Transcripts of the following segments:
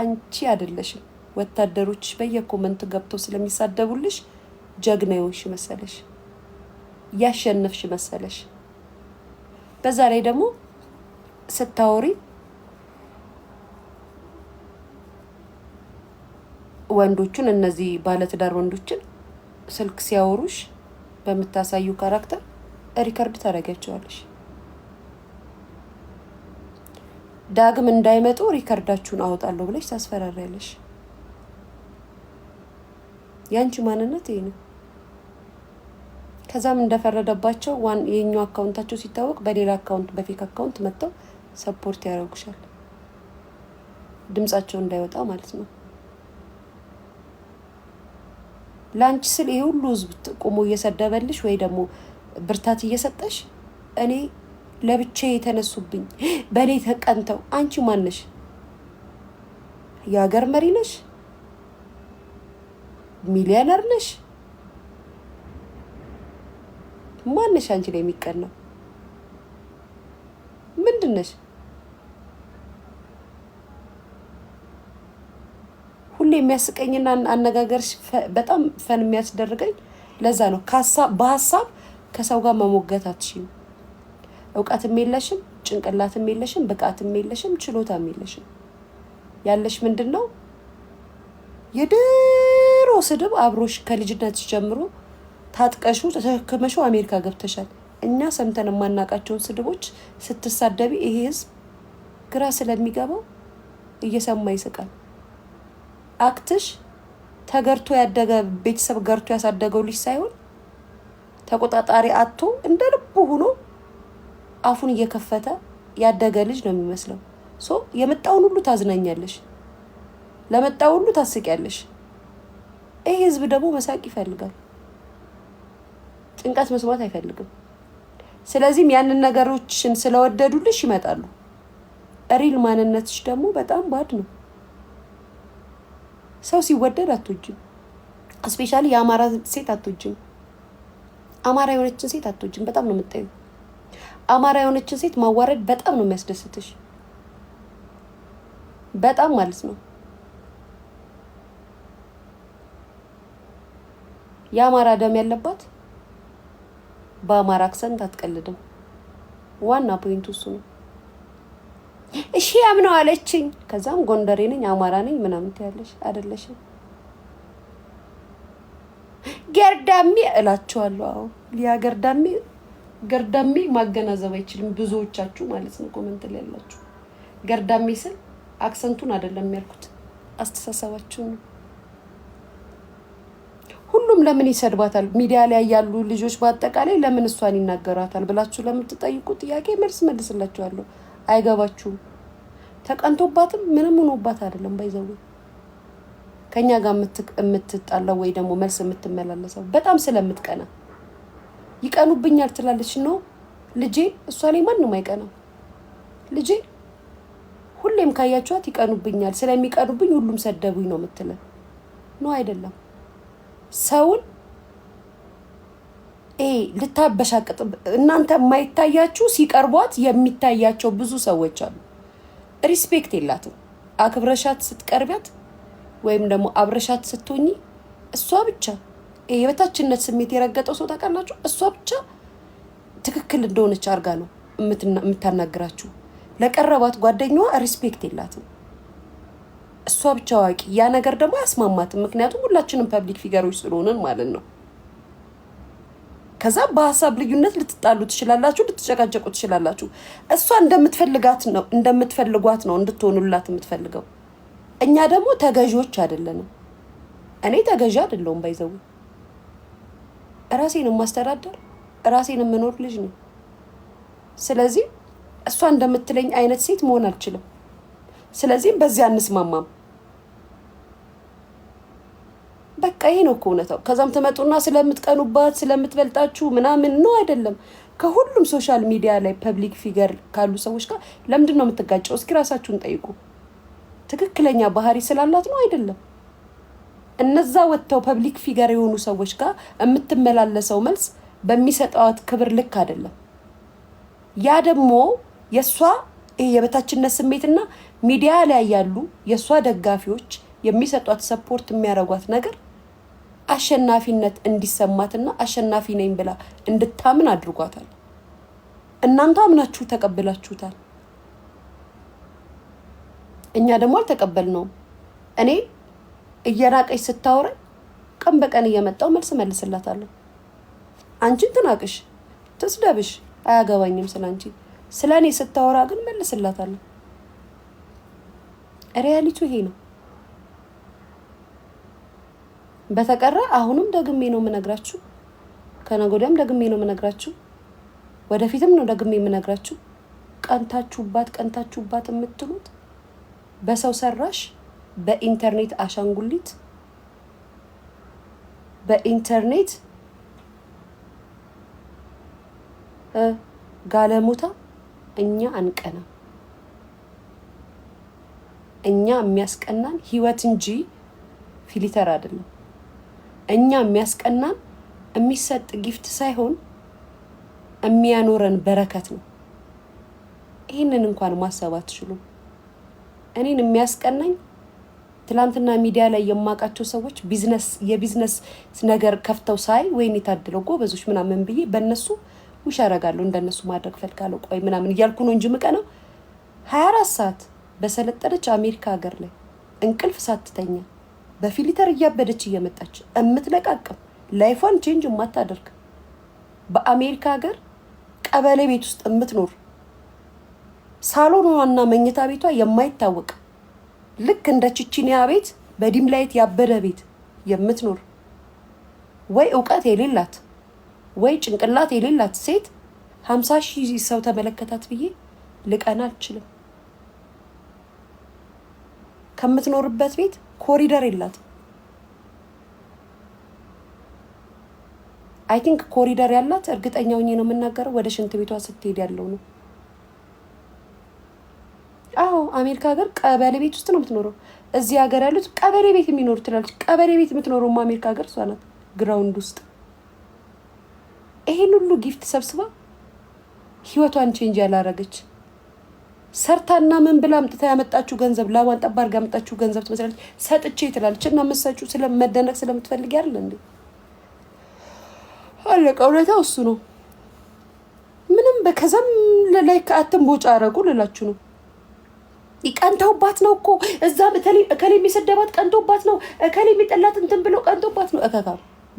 አንቺ አይደለሽም። ወታደሮች በየኮመንቱ ገብተው ስለሚሳደቡልሽ ጀግና የሆንሽ መሰለሽ፣ ያሸነፍሽ መሰለሽ። በዛ ላይ ደግሞ ስታወሪ ወንዶቹን እነዚህ ባለትዳር ወንዶችን ስልክ ሲያወሩሽ በምታሳዩ ካራክተር ሪከርድ ታደርጊያቸዋለሽ። ዳግም እንዳይመጡ ሪከርዳችሁን አወጣለሁ ብለሽ ታስፈራሪያለሽ። ያንቺ ማንነት ይሄ ነው። ከዛም እንደፈረደባቸው ዋን የኛው አካውንታቸው ሲታወቅ በሌላ አካውንት በፌክ አካውንት መጥተው ሰፖርት ያደርጉሻል። ድምጻቸው እንዳይወጣ ማለት ነው። ለአንቺ ስል ይሄ ሁሉ ህዝብ ቆሞ እየሰደበልሽ ወይ ደግሞ ብርታት እየሰጠሽ እኔ ለብቻ የተነሱብኝ በእኔ ተቀንተው። አንቺ ማነሽ? የሀገር መሪ ነሽ? ሚሊዮነር ነሽ? ማነሽ? አንቺ ላይ የሚቀናው ምንድን ነሽ? ሁሌ የሚያስቀኝና አነጋገርሽ በጣም ፈን የሚያስደርገኝ ለዛ ነው። በሀሳብ ከሰው ጋር መሞገት አትችይም። እውቀትም የለሽም፣ ጭንቅላትም የለሽም፣ ብቃትም የለሽም፣ ችሎታም የለሽም። ያለሽ ምንድን ነው? የድሮ ስድብ አብሮሽ ከልጅነት ጀምሮ ታጥቀሹ ተሸክመሹ አሜሪካ ገብተሻል። እኛ ሰምተን የማናውቃቸውን ስድቦች ስትሳደቢ ይሄ ህዝብ ግራ ስለሚገባው እየሰማ ይስቃል። አክትሽ ተገርቶ ያደገ ቤተሰብ ገርቶ ያሳደገው ልጅ ሳይሆን ተቆጣጣሪ አጥቶ እንደ ልቡ ሆኖ አፉን እየከፈተ ያደገ ልጅ ነው የሚመስለው። ሶ የመጣውን ሁሉ ታዝናኛለሽ፣ ለመጣው ሁሉ ታስቂያለሽ። ይህ ህዝብ ደግሞ መሳቅ ይፈልጋል፣ ጭንቀት መስማት አይፈልግም። ስለዚህም ያንን ነገሮችን ስለወደዱልሽ ይመጣሉ። ሪል ማንነትሽ ደግሞ በጣም ባድ ነው። ሰው ሲወደድ አቶጅም እስፔሻሊ የአማራ ሴት አቶጅም አማራ የሆነችን ሴት አትወጂም። በጣም ነው የምታዩ አማራ የሆነችን ሴት ማዋረድ በጣም ነው የሚያስደስትሽ። በጣም ማለት ነው። የአማራ ደም ያለባት በአማራ አክሰንት አትቀልድም። ዋና ፖይንቱ እሱ ነው። እሺ ያምነው አለችኝ። ከዛም ጎንደሬ ነኝ አማራ ነኝ ምናምን ትያለሽ አይደለሽም? ገርዳሜ እላቸዋለሁ። አዎ ሊያ ገርዳሜ ገርዳሜ ማገናዘብ አይችልም። ብዙዎቻችሁ ማለት ነው ኮመንት ላይ ያላችሁ ገርዳሜ ስል አክሰንቱን አይደለም ያልኩት፣ አስተሳሰባችሁ ነው። ሁሉም ለምን ይሰድባታል ሚዲያ ላይ ያሉ ልጆች በአጠቃላይ ለምን እሷን ይናገራታል ብላችሁ ለምትጠይቁ ጥያቄ መልስ መልስላችኋለሁ። አይገባችሁም። ተቀንቶባትም ምንም ሆኖባት አይደለም። ባይዘው ከእኛ ጋር የምትጣለው ወይ ደግሞ መልስ የምትመላለሰው በጣም ስለምትቀና ይቀኑብኛል ትላለች ነው ልጄ። እሷ ላይ ማንም አይቀናም። ልጄ ሁሌም ካያችኋት ይቀኑብኛል፣ ስለሚቀኑብኝ ሁሉም ሰደቡኝ ነው የምትለን። ነው አይደለም ሰውን ይሄ ልታበሻቅጥ እናንተ የማይታያችሁ ሲቀርቧት የሚታያቸው ብዙ ሰዎች አሉ። ሪስፔክት የላትም። አክብረሻት ስትቀርቢያት ወይም ደግሞ አብረሻት ስትሆኚ እሷ ብቻ የበታችነት ስሜት የረገጠው ሰው ታውቃላችሁ። እሷ ብቻ ትክክል እንደሆነች አድርጋ ነው የምታናግራችሁ። ለቀረባት ጓደኛዋ ሪስፔክት የላትም። እሷ ብቻ አዋቂ። ያ ነገር ደግሞ አያስማማትም። ምክንያቱም ሁላችንም ፐብሊክ ፊገሮች ስለሆንን ማለት ነው። ከዛ በሀሳብ ልዩነት ልትጣሉ ትችላላችሁ፣ ልትጨቃጨቁ ትችላላችሁ። እሷ እንደምትፈልጋት ነው እንደምትፈልጓት ነው እንድትሆኑላት የምትፈልገው። እኛ ደግሞ ተገዢዎች አይደለንም። እኔ ተገዢ አይደለሁም ባይዘው ራሴን የማስተዳደር ራሴን የምኖር ልጅ ነው። ስለዚህ እሷ እንደምትለኝ አይነት ሴት መሆን አልችልም። ስለዚህም በዚህ አንስማማም። በቃ ይሄ ነው እኮ ከዛም ትመጡና ስለምትቀኑባት ስለምትበልጣችሁ ምናምን ነው አይደለም። ከሁሉም ሶሻል ሚዲያ ላይ ፐብሊክ ፊገር ካሉ ሰዎች ጋር ለምንድን ነው የምትጋጨው? እስኪ ራሳችሁን ጠይቁ። ትክክለኛ ባህሪ ስላላት ነው አይደለም? እነዛ ወጥተው ፐብሊክ ፊገር የሆኑ ሰዎች ጋር የምትመላለሰው መልስ በሚሰጠዋት ክብር ልክ አይደለም። ያ ደግሞ የእሷ ይሄ የበታችነት ስሜትና ሚዲያ ላይ ያሉ የእሷ ደጋፊዎች የሚሰጧት ሰፖርት የሚያደርጓት ነገር አሸናፊነት እንዲሰማትና አሸናፊ ነኝ ብላ እንድታምን አድርጓታል። እናንተ አምናችሁ ተቀብላችሁታል። እኛ ደግሞ አልተቀበልነውም። እኔ እየራቀች ስታወራኝ ቀን በቀን እየመጣው መልስ መልስላታለሁ። አንቺን ትናቅሽ፣ ትስደብሽ፣ አያገባኝም ስለ አንቺ። ስለ እኔ ስታወራ ግን መልስላታለሁ። ሪያሊቱ ይሄ ነው። በተቀረ አሁንም ደግሜ ነው የምነግራችሁ፣ ከነገ ወዲያም ደግሜ ነው የምነግራችሁ፣ ወደፊትም ነው ደግሜ የምነግራችሁ። ቀንታችሁባት ቀንታችሁባት የምትሉት በሰው ሰራሽ በኢንተርኔት አሻንጉሊት በኢንተርኔት ጋለሞታ እኛ አንቀና። እኛ የሚያስቀናን ህይወት እንጂ ፊሊተር አይደለም። እኛ የሚያስቀናን የሚሰጥ ጊፍት ሳይሆን የሚያኖረን በረከት ነው። ይህንን እንኳን ማሰብ አትችሉም። እኔን የሚያስቀናኝ ትላንትና ሚዲያ ላይ የማውቃቸው ሰዎች ቢዝነስ የቢዝነስ ነገር ከፍተው ሳይ ወይን የታድለው ጎበዞች ምናምን ብዬ በእነሱ ውሽ ያረጋለሁ እንደነሱ ማድረግ ፈልጋለሁ ቆይ ምናምን እያልኩ ነው እንጂ ምቀ ነው ሀያ አራት ሰዓት በሰለጠነች አሜሪካ ሀገር ላይ እንቅልፍ ሳትተኛ በፊሊተር እያበደች እየመጣች እምትለቃቅም ላይፏን ቼንጅ የማታደርግ በአሜሪካ ሀገር ቀበሌ ቤት ውስጥ የምትኖር ሳሎኗና መኝታ ቤቷ የማይታወቅ ልክ እንደ ቺቺኒያ ቤት በዲም ላይት ያበደ ቤት የምትኖር ወይ እውቀት የሌላት ወይ ጭንቅላት የሌላት ሴት ሀምሳ ሺህ ሰው ተመለከታት ብዬ ልቀና አልችልም። ከምትኖርበት ቤት ኮሪደር የላት አይ ቲንክ ኮሪደር ያላት እርግጠኛ ሆኜ ነው የምናገረው፣ ወደ ሽንት ቤቷ ስትሄድ ያለው ነው። አዎ አሜሪካ ሀገር ቀበሌ ቤት ውስጥ ነው የምትኖረው። እዚህ ሀገር ያሉት ቀበሌ ቤት የሚኖሩ ትላለች። ቀበሌ ቤት የምትኖረው አሜሪካ ሀገር እሷ ናት፣ ግራውንድ ውስጥ ይሄን ሁሉ ጊፍት ሰብስባ ህይወቷን ቼንጅ ያላረገች ሰርታና ምን ብላ አምጥታ ያመጣችሁ ገንዘብ ላቧን ጠባ አድርጋ ያመጣችሁ ገንዘብ ትመስላለች። ሰጥቼ ትላለች እና መሳችሁ ስለመደነቅ ስለምትፈልግ ያለ እንዴ አለቀ። እውነታው እሱ ነው። ምንም በከዛም ላይ ከአትም ቦጫ አረጉ ልላችሁ ነው። ቀንተውባት ነው እኮ እዛ እከሌ የሚሰደባት ቀንቶባት ነው። እከሌ የሚጠላት እንትን ብሎ ቀንቶባት ነው። እከካ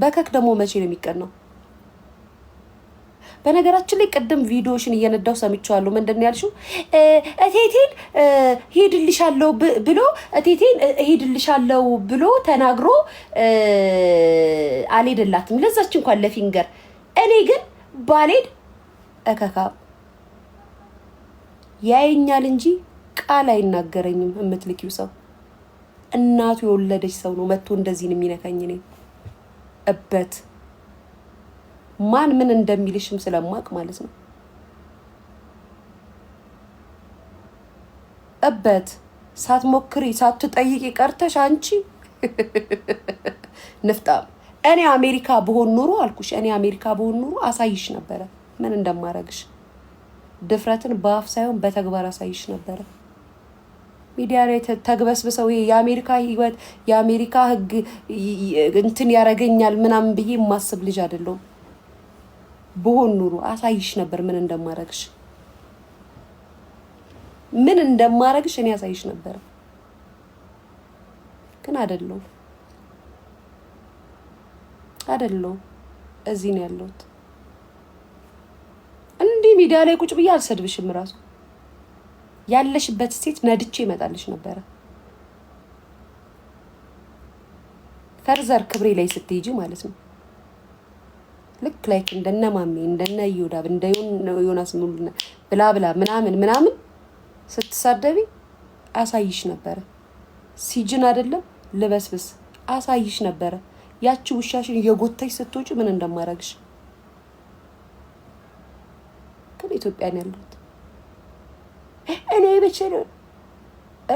በከክ ደግሞ መቼ ነው የሚቀናው? በነገራችን ላይ ቅድም ቪዲዮሽን እየነዳው ሰምቼዋለሁ። ምንድን ነው ያልሽው? እቴቴን ሄድልሻለው ብሎ እቴቴን ሄድልሻለው ብሎ ተናግሮ አልሄድላትም ለዛች እንኳን ለፊንገር። እኔ ግን ባልሄድ እከካ ያየኛል እንጂ ቃል አይናገረኝም የምትልኪው ሰው እናቱ የወለደች ሰው ነው መጥቶ እንደዚህን የሚነካኝ እኔ እበት ማን ምን እንደሚልሽም ስለማቅ ማለት ነው እበት ሳትሞክሪ ሳትጠይቂ ቀርተሽ አንቺ ንፍጣም እኔ አሜሪካ ብሆን ኑሮ አልኩሽ እኔ አሜሪካ ብሆን ኑሮ አሳይሽ ነበረ ምን እንደማረግሽ ድፍረትን በአፍ ሳይሆን በተግባር አሳይሽ ነበረ ሚዲያ ላይ ተግበስብሰው የአሜሪካ ህይወት የአሜሪካ ህግ እንትን ያረገኛል ምናምን ብዬ የማስብ ልጅ አይደለሁም። በሆን ኑሮ አሳይሽ ነበር ምን እንደማረግሽ ምን እንደማረግሽ እኔ አሳይሽ ነበር፣ ግን አይደለሁም አይደለሁም። እዚህ ነው ያለሁት። እንዲህ ሚዲያ ላይ ቁጭ ብዬ አልሰድብሽም ራሱ ያለሽበት ሴት ነድቼ ይመጣልሽ ነበረ። ፈርዘር ክብሬ ላይ ስትሄጂ ማለት ነው። ልክ ላይክ እንደነ ማሜ እንደነ ዮዳብ እንደ ዮናስ ሙሉና ብላ ብላ ምናምን ምናምን ስትሳደቢ አሳይሽ ነበረ። ሲጅን አይደለም ልበስብስ አሳይሽ ነበረ። ያቺ ውሻሽን የጎተሽ ስትወጪ ምን እንደማረግሽ ግን ኢትዮጵያን ያለው እኔ ብችል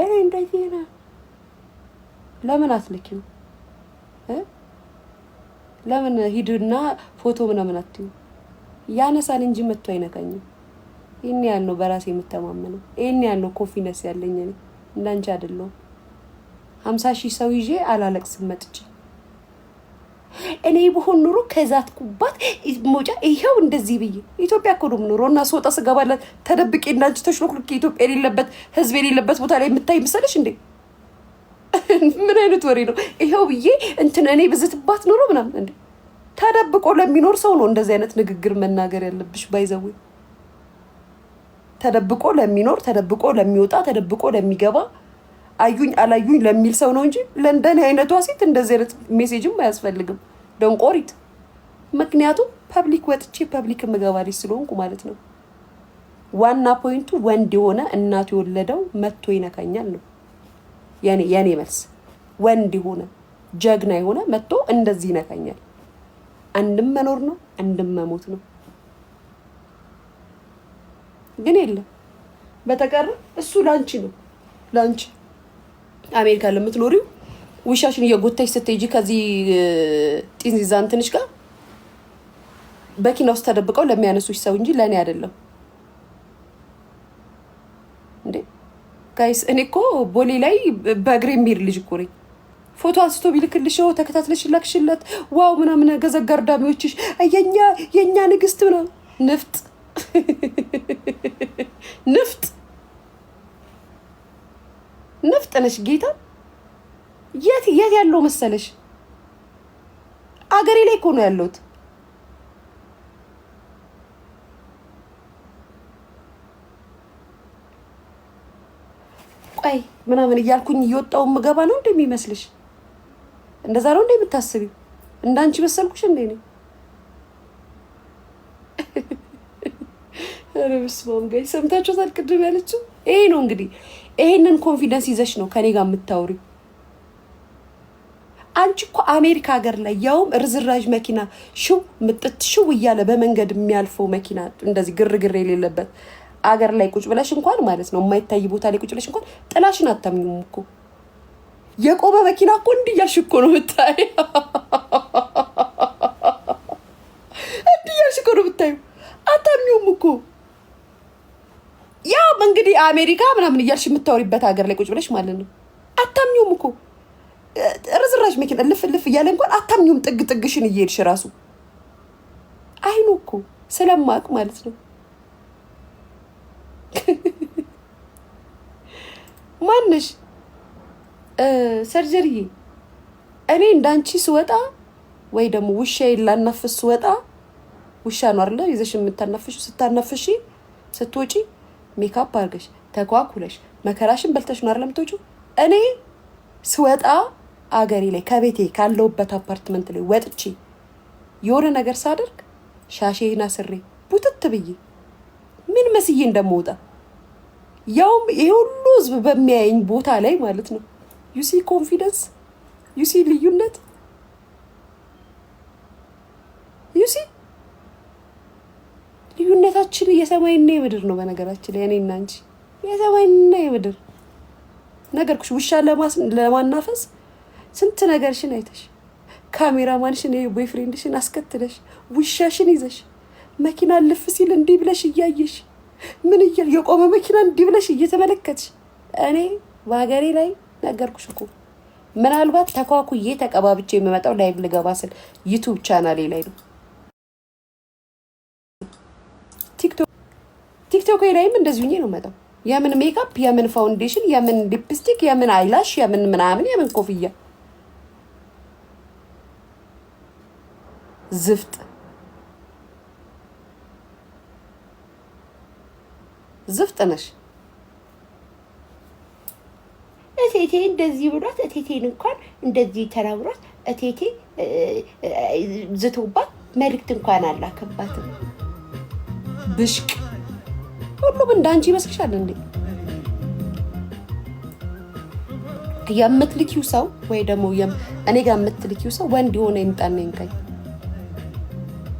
እኔ እንደዚህ ነው። ለምን አትልኪው? ለምን ሂድና ፎቶ ምናምን አትዩ? ያነሳል እንጂ መቶ አይነካኝም። ይህን ያህል ነው በራሴ የምተማመነው። ይህን ያህል ነው ኮንፊደንስ ያለኝ እኔ። እንዳንቺ አይደለሁም። ሀምሳ ሺህ ሰው ይዤ አላለቅስም መጥቼ እኔ ብሆን ኑሮ ከዛት ኩባት ሞጫ ይኸው እንደዚህ ብዬ ኢትዮጵያ እኮ ነው የምኖረው እና ስወጣ ስገባላት ተደብቄ እናንቺ ተሽሎክልክ ኢትዮጵያ የሌለበት ህዝብ የሌለበት ቦታ ላይ የምታይ መሰለሽ እንዴ? ምን አይነት ወሬ ነው? ይኸው ብዬ እንትን እኔ ብዝትባት ኑሮ ምናምን እንዴ! ተደብቆ ለሚኖር ሰው ነው እንደዚህ አይነት ንግግር መናገር ያለብሽ። ባይዘዌ ተደብቆ ለሚኖር ተደብቆ ለሚወጣ ተደብቆ ለሚገባ አዩኝ አላዩኝ ለሚል ሰው ነው እንጂ ለእንደኔ አይነቷ ሴት እንደዚህ አይነት ሜሴጅም አያስፈልግም። ደንቆሪት። ምክንያቱም ፐብሊክ ወጥቼ ፐብሊክ ምገባሪ ስለሆንኩ ማለት ነው። ዋና ፖይንቱ ወንድ የሆነ እናቱ የወለደው መጥቶ ይነካኛል ነው የኔ መልስ። ወንድ የሆነ ጀግና የሆነ መጥቶ እንደዚህ ይነካኛል። አንድም መኖር ነው አንድም መሞት ነው። ግን የለም። በተቀረ እሱ ላንቺ ነው ላንቺ አሜሪካ ለምትኖሪው ውሻሽን እየጎታሽ ስትሄጂ ከዚህ ጢንዚዛን ትንሽ ጋር በኪና ውስጥ ተደብቀው ለሚያነሱሽ ሰው እንጂ ለእኔ አይደለም። እንዴ ጋይስ፣ እኔ እኮ ቦሌ ላይ በእግሬ የሚሄድ ልጅ እኮ ነኝ። ፎቶ አንስቶ ቢልክልሽ ተከታትለሽ ላክሽለት፣ ዋው ምናምን ገዘጋ እርዳሚዎችሽ የኛ ንግስት ምናምን ንፍጥ ንፍጥ ውስጥ ጌታ። የት የት ያለው መሰለሽ? አገሬ ላይ እኮ ነው ያለሁት። ቆይ ምናምን እያልኩኝ እየወጣው ምገባ ነው እንደ የሚመስልሽ? እንደዛ ነው እንደ የምታስቢው? እንዳንቺ መሰልኩሽ እንዴ ነው? ኧረ በስመ አብ ጋይ ቅድም ያለችው ይሄ ነው እንግዲህ ይሄንን ኮንፊደንስ ይዘሽ ነው ከኔ ጋር የምታወሪ። አንቺ እኮ አሜሪካ ሀገር ላይ ያውም ርዝራዥ መኪና ሽው ምጥት ሽው እያለ በመንገድ የሚያልፈው መኪና እንደዚህ ግርግር የሌለበት አገር ላይ ቁጭ ብለሽ እንኳን ማለት ነው የማይታይ ቦታ ላይ ቁጭ ብለሽ እንኳን ጥላሽን አታምኙም እኮ። የቆመ መኪና እኮ እንዲያልሽ እኮ ነው ምታይ አሜሪካ ምናምን እያልሽ የምታወሪበት ሀገር ላይ ቁጭ ብለሽ ማለት ነው። አታምኚውም እኮ ርዝራዥ መኪና ልፍ ልፍ እያለ እንኳን አታምኚውም። ጥግ ጥግሽን እየሄድሽ ራሱ አይኑ እኮ ስለማቅ ማለት ነው። ማንሽ ሰርጀሪዬ፣ እኔ እንዳንቺ ስወጣ ወይ ደግሞ ውሻ ላናፍስ ስወጣ ውሻ ነው አለ ይዘሽ የምታናፍሽ ስታናፍሽ ስትወጪ ሜካፕ አድርገሽ ተኳኩለሽ መከራሽን በልተሽ ነው አይደለም እኔ ስወጣ አገሬ ላይ ከቤቴ ካለውበት አፓርትመንት ላይ ወጥቼ የሆነ ነገር ሳደርግ ሻሼና ስሬ ቡትት ብዬ ምን መስዬ እንደምወጣ ያውም ይሄ ሁሉ ህዝብ በሚያየኝ ቦታ ላይ ማለት ነው። ዩሲ ኮንፊደንስ ዩሲ ልዩነት ዩሲ ልዩነታችን የሰማይና የምድር ነው። በነገራችን ላይ እኔና አንቺ የሰማይና የምድር ነገርኩሽ። ውሻ ለማናፈስ ስንት ነገርሽን አይተሽ ካሜራማንሽን ቦይፍሬንድሽን አስከትለሽ ውሻሽን ይዘሽ መኪና ልፍ ሲል እንዲህ ብለሽ እያየሽ ምን እያል የቆመ መኪና እንዲህ ብለሽ እየተመለከትሽ እኔ በሀገሬ ላይ ነገርኩሽ እኮ ምናልባት ተኳኩዬ ተቀባብቼ የምመጣው ላይቭ ልገባ ስል ዩቱብ ቻናሌ ላይ ነው። ቲክቶክ ላይም እንደዚሁ ነው መጣው። የምን ሜካፕ፣ የምን ፋውንዴሽን፣ የምን ሊፕስቲክ፣ የምን አይላሽ፣ የምን ምናምን፣ የምን ኮፍያ ዝፍጥ ዝፍጥ ነሽ። እቴቴ እንደዚህ ብሏት እቴቴን እንኳን እንደዚህ ተናግሯት እቴቴ ዝቶባት መልክት እንኳን አላከባትም። ብሽቅ ሁሉም እንዳንቺ ይመስልሻል እንዴ? የምትልኪው ሰው ወይ ደግሞ እኔ ጋር የምትልኪው ሰው ወንድ የሆነ ይምጣና ይንቀኝ።